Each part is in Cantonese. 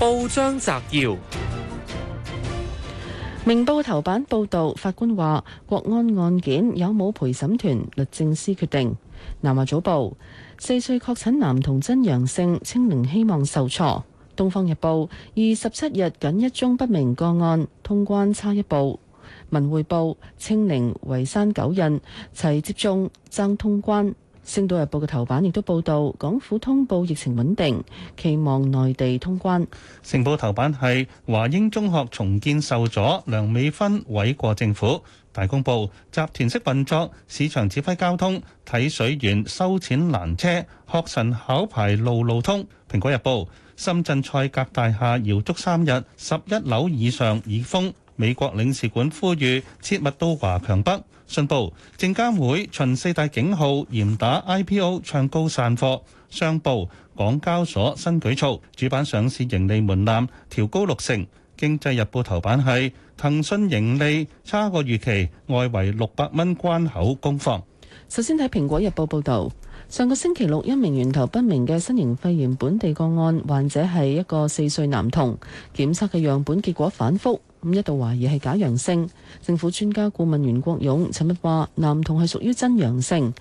報章摘要：明報頭版報道，法官話國安案件有冇陪審團律政司決定。南華早報：四歲確診男童真陽性，清零希望受挫。東方日報：二十七日僅一宗不明個案通關差一步。文匯報：清零圍山九印齊接種，爭通關。《星島日報》嘅頭版亦都報道，港府通報疫情穩定，期望內地通關。《成報》頭版係華英中學重建受阻，梁美芬諉過政府。《大公報》集團式運作，市場指揮交通，睇水員收錢攔車，學神考牌路路通。《蘋果日報》深圳賽格大廈搖足三日，十一樓以上已封。美國領事館呼籲切勿到華強北。信報，證監會巡四大警號，嚴打 IPO 唱高散貨。商報，港交所新舉措，主板上市盈利門檻調高六成。經濟日報頭版係騰訊盈利差過預期，外圍六百蚊關口攻防。首先睇蘋果日報報導，上個星期六一名源頭不明嘅新型肺炎本地個案患者係一個四歲男童，檢測嘅樣本結果反覆。咁一度懷疑係假陽性，政府專家顧問袁國勇尋日話：男童係屬於真陽性。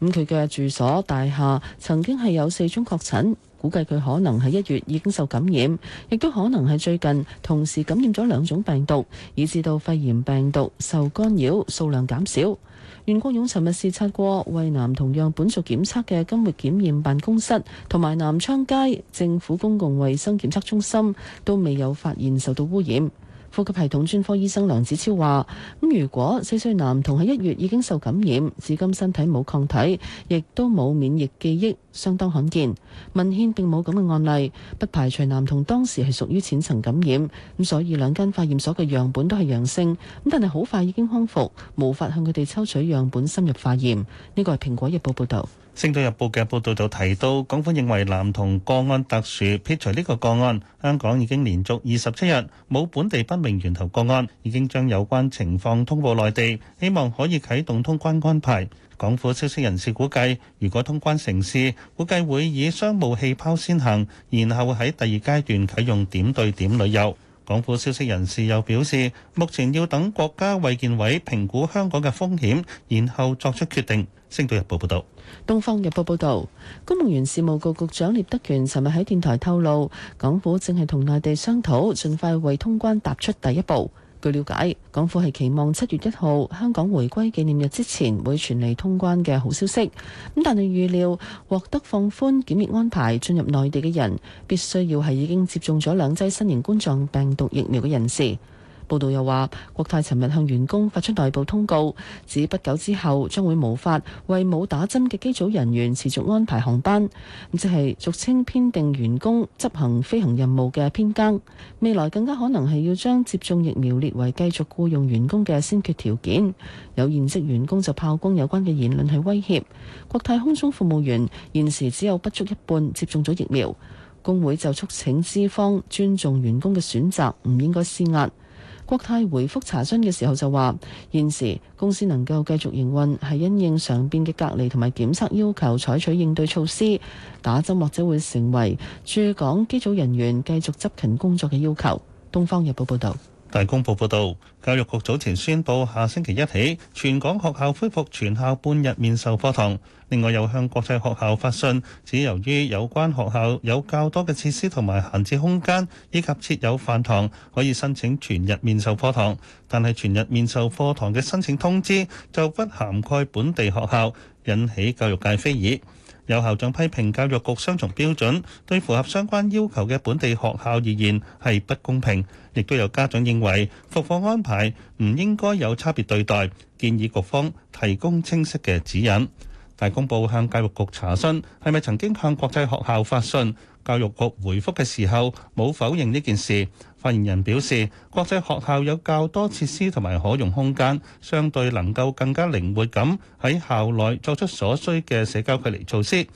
咁佢嘅住所大廈曾經係有四宗確診，估計佢可能喺一月已經受感染，亦都可能喺最近同時感染咗兩種病毒，以致到肺炎病毒受干擾，數量減少。袁國勇尋日視察過為男童樣本做檢測嘅金域檢驗辦公室，同埋南昌街政府公共衞生檢測中心，都未有發現受到污染。呼吸系統專科醫生梁子超話：咁如果四歲男童喺一月已經受感染，至今身體冇抗體，亦都冇免疫記憶，相當罕見。文獻並冇咁嘅案例，不排除男童當時係屬於淺層感染，咁所以兩間化驗所嘅樣本都係陽性，咁但係好快已經康復，無法向佢哋抽取樣本深入化驗。呢個係《蘋果日報》報道。《星島日報》嘅報道就提到，港府認為男童個案特殊，撇除呢個個案，香港已經連續二十七日冇本地不明源頭個案，已經將有關情況通報內地，希望可以啟動通關安排。港府消息人士估計，如果通關成事，估計會以商務氣泡先行，然後喺第二階段啟用點對點旅遊。港府消息人士又表示，目前要等國家衛健委評估香港嘅風險，然後作出決定。星島日報報道，東方日報報道，公務員事務局局局長聶德權尋日喺電台透露，港府正係同內地商討，盡快為通關踏出第一步。據了解，港府係期望七月一號香港回歸紀念日之前，會傳嚟通關嘅好消息。咁但係預料，獲得放寬檢疫安排進入內地嘅人，必須要係已經接種咗兩劑新型冠狀病毒疫苗嘅人士。報道又話，國泰尋日向員工發出內部通告，指不久之後將會無法為冇打針嘅機組人員持續安排航班，即係俗稱編定員工執行飛行任務嘅編更。未來更加可能係要將接種疫苗列為繼續雇用員工嘅先決條件。有現職員工就炮轟有關嘅言論係威脅國泰空中服務員，現時只有不足一半接種咗疫苗。工會就促請資方尊重員工嘅選擇，唔應該施壓。國泰回覆查詢嘅時候就話，現時公司能夠繼續營運係因應上面嘅隔離同埋檢測要求採取應對措施，打針或者會成為駐港機組人員繼續執勤工作嘅要求。東方日報報道。大公報報導，教育局早前宣布，下星期一起，全港學校恢復全校半日面授課堂。另外，又向國際學校發信，只由於有關學校有較多嘅設施同埋閒置空間，以及設有飯堂，可以申請全日面授課堂。但係全日面授課堂嘅申請通知就不涵蓋本地學校，引起教育界非議。有校長批評教育局雙重標準，對符合相關要求嘅本地學校而言係不公平，亦都有家長認為復課安排唔應該有差別對待，建議局方提供清晰嘅指引。大公報向教育局查詢，係咪曾經向國際學校發信？教育局回覆嘅時候冇否認呢件事。發言人表示，國際學校有較多設施同埋可用空間，相對能夠更加靈活咁喺校內作出所需嘅社交距離措施。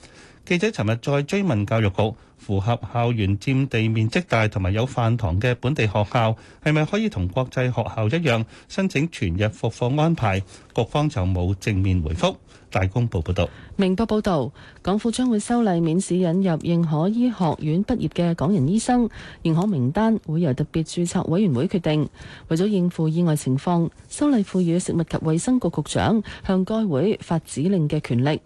記者尋日再追問教育局，符合校園佔地面積大同埋有飯堂嘅本地學校，係咪可以同國際學校一樣申請全日復課安排？各方就冇正面回覆。大公報報道。明報報道，港府將會修例免試引入認可醫學院畢業嘅港人醫生，認可名單會由特別註冊委員會決定。為咗應付意外情況，修例賦予食物及衛生局局長向該會發指令嘅權力。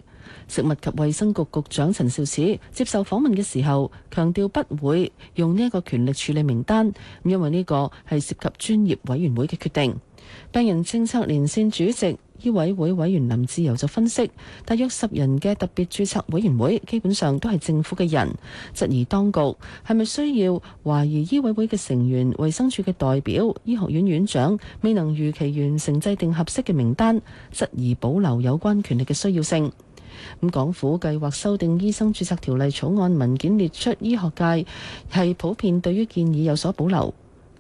食物及衛生局局長陳肇始接受訪問嘅時候，強調不會用呢一個權力處理名單，因為呢個係涉及專業委員會嘅決定。病人政策連線主席醫委會委員林志釉就分析，大約十人嘅特別註冊委員會，基本上都係政府嘅人，質疑當局係咪需要懷疑醫委會嘅成員、衛生署嘅代表、醫學院院長未能如期完成制定合適嘅名單，質疑保留有關權力嘅需要性。咁港府計劃修訂醫生註冊條例草案文件列出，醫學界係普遍對於建議有所保留，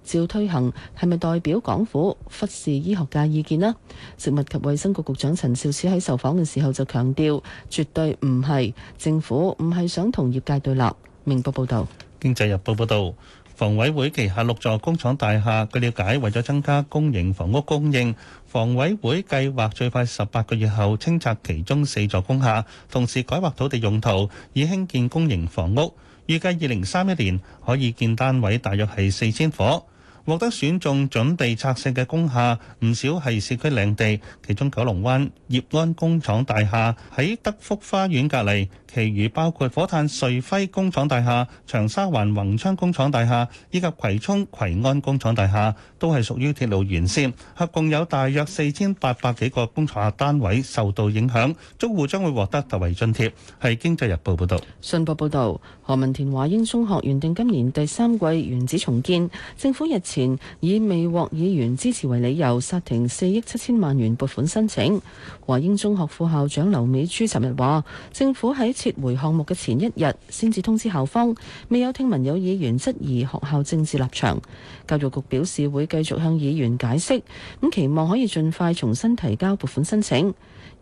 照推行係咪代表港府忽視醫學界意見呢？食物及衛生局局長陳肇始喺受訪嘅時候就強調，絕對唔係政府，唔係想同業界對立。明報報道，經濟日報報道。房委會旗下六座工廠大廈，據了解為咗增加公營房屋供應，房委會計劃最快十八個月後清拆其中四座工廈，同時改劃土地用途以興建公營房屋，預計二零三一年可以建單位大約係四千伙。獲得選中準備拆卸嘅工廈唔少係市區領地，其中九龍灣葉安工廠大廈喺德福花園隔籬，其餘包括火炭穗輝工廠大廈長沙灣宏昌工廠大廈以及葵涌葵安工廠大廈都係屬於鐵路沿線合共有大約四千八百幾個工廠單位受到影響租戶將會獲得特惠津貼，係經濟日報報道，信報報道何文田華英中學原定今年第三季原址重建，政府日前。前以未獲議員支持為理由，殺停四億七千萬元撥款申請。華英中學副校長劉美珠尋日話政府喺撤回項目嘅前一日先至通知校方，未有聽聞有議員質疑學校政治立場。教育局表示會繼續向議員解釋，咁期望可以盡快重新提交撥款申請。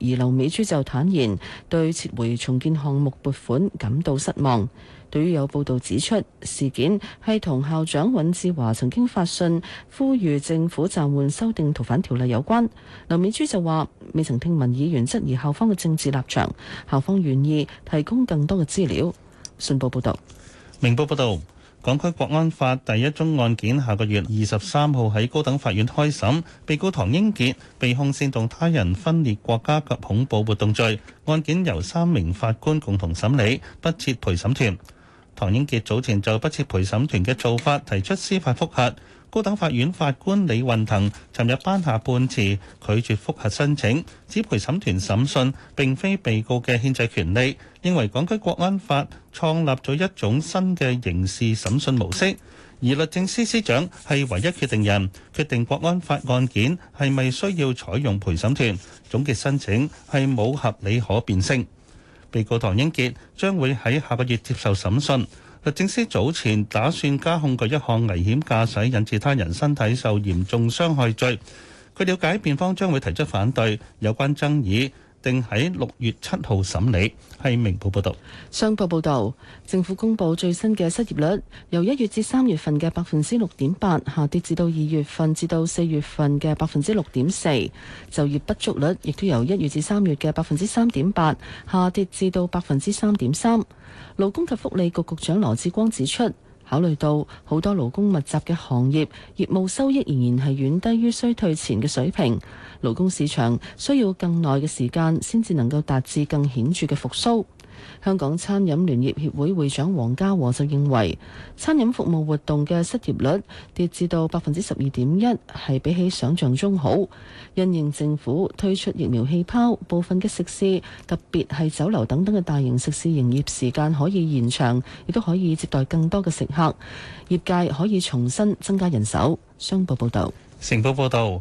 而劉美珠就坦言對撤回重建項目撥款感到失望。對於有報道指出事件係同校長尹志華曾經發信呼籲政府暫緩修訂逃犯條例有關，劉美珠就話：未曾聽聞議員質疑校方嘅政治立場，校方願意提供更多嘅資料。信報報道，明報報道：「港區國安法第一宗案件下個月二十三號喺高等法院開審，被告唐英傑被控煽動他人分裂國家及恐怖活動罪，案件由三名法官共同審理，不設陪審團。唐英傑早前就不設陪審團嘅做法提出司法複核，高等法院法官李運騰尋日頒下判詞拒絕複核申請，指陪審團審訊並非被告嘅憲制權利，認為港區國安法創立咗一種新嘅刑事審訊模式，而律政司司長係唯一決定人，決定國安法案件係咪需要採用陪審團，總結申請係冇合理可辯性。被告唐英傑將會喺下個月接受審訊。律政司早前打算加控佢一項危險駕駛引致他人身體受嚴重傷害罪。據了解，辯方將會提出反對有關爭議。定喺六月七號審理。係明報報道，商報報道，政府公布最新嘅失業率由一月至三月份嘅百分之六點八下跌至到二月份至到四月份嘅百分之六點四，就業不足率亦都由一月至三月嘅百分之三點八下跌至到百分之三點三。勞工及福利局局，局長羅志光指出。考慮到好多勞工密集嘅行業，業務收益仍然係遠低於衰退前嘅水平，勞工市場需要更耐嘅時間先至能夠達至更顯著嘅復甦。香港餐飲聯業協會會長黃家和就認為，餐飲服務活動嘅失業率跌至到百分之十二點一，係比起想象中好。因應政府推出疫苗氣泡，部分嘅食肆，特別係酒樓等等嘅大型食肆，營業時間可以延長，亦都可以接待更多嘅食客。業界可以重新增加人手。商報報道，成報報道。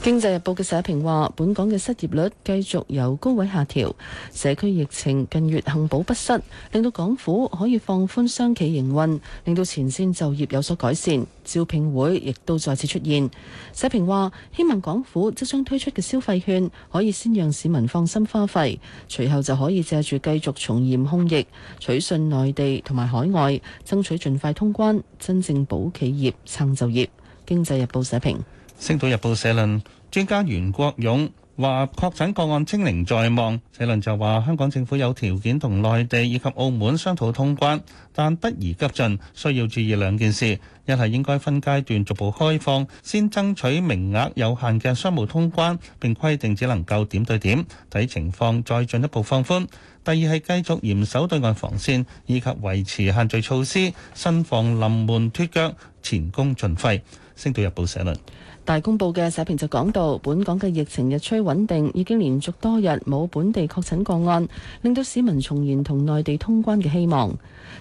經濟日報嘅社評話：本港嘅失業率繼續由高位下調，社區疫情近月幸保不失，令到港府可以放寬商企營運，令到前線就業有所改善，招聘會亦都再次出現。社評話：希望港府即將推出嘅消費券可以先讓市民放心花費，隨後就可以借住繼續從嚴控疫，取信內地同埋海外，爭取盡快通關，真正保企業撐就業。經濟日報社評。星島日報社論，專家袁國勇話確診個案清零在望。社論就話香港政府有條件同內地以及澳門商討通關，但不宜急進，需要注意兩件事：一係應該分階段逐步開放，先爭取名額有限嘅商務通關，並規定只能夠點對點，睇情況再進一步放寬；第二係繼續嚴守對岸防線，以及維持限聚措施，慎防臨門脫腳，前功盡廢。《星島日報》社論。大公報嘅社評就講到，本港嘅疫情日趨穩定，已經連續多日冇本地確診個案，令到市民重燃同內地通關嘅希望。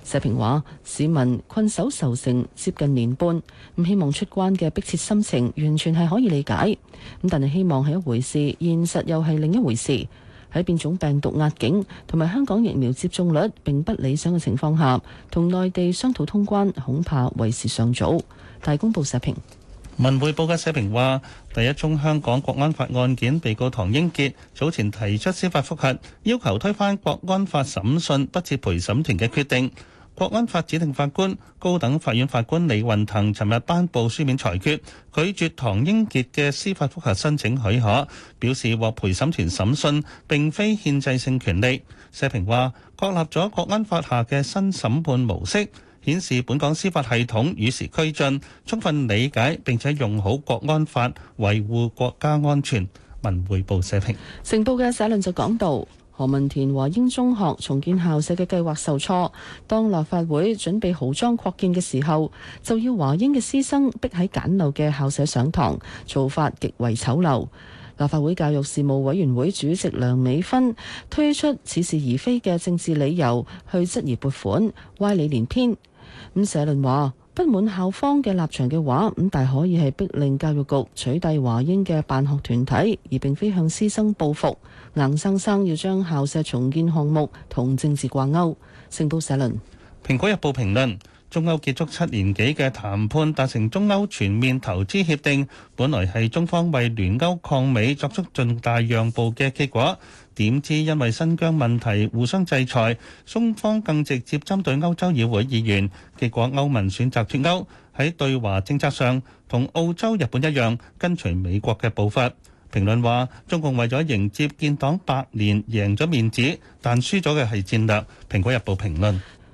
社評話：市民困守愁城接近年半，咁希望出關嘅迫切心情完全係可以理解。咁但係希望係一回事，現實又係另一回事。喺變種病毒壓境同埋香港疫苗接種率並不理想嘅情況下，同內地商討通關恐怕為時尚早。大公報社評，文匯報嘅社評話，第一宗香港國安法案件被告唐英傑早前提出司法覆核，要求推翻國安法審訊不設陪審團嘅決定。國安法指定法官、高等法院法官李運騰尋日頒布書面裁決，拒絕唐英傑嘅司法覆核申請許可，表示獲陪審團審訊並非憲制性權利。社評話，確立咗國安法下嘅新審判模式。顯示本港司法系統與時俱進，充分理解並且用好《國安法》，維護國家安全。文匯報社評，成報嘅社論就講到，何文田華英中學重建校舍嘅計劃受挫，當立法會準備豪裝擴建嘅時候，就要華英嘅師生逼喺簡陋嘅校舍上堂，做法極為醜陋。立法會教育事務委員會主席梁美芬推出似是而非嘅政治理由去質疑撥款，歪理連篇。咁社論話不滿校方嘅立場嘅話，咁大可以係逼令教育局取締華英嘅辦學團體，而並非向師生報復，硬生生要將校舍重建項目同政治掛鈎。成都社論，《蘋果日報評論》評論。中歐結束七年幾嘅談判，達成中歐全面投資協定，本來係中方為聯歐抗美作出重大讓步嘅結果。點知因為新疆問題互相制裁，中方更直接針對歐洲議會議員，結果歐盟選擇脱歐。喺對華政策上，同澳洲、日本一樣，跟隨美國嘅步伐。評論話，中共為咗迎接建黨百年贏咗面子，但輸咗嘅係戰略。《蘋果日報》評論。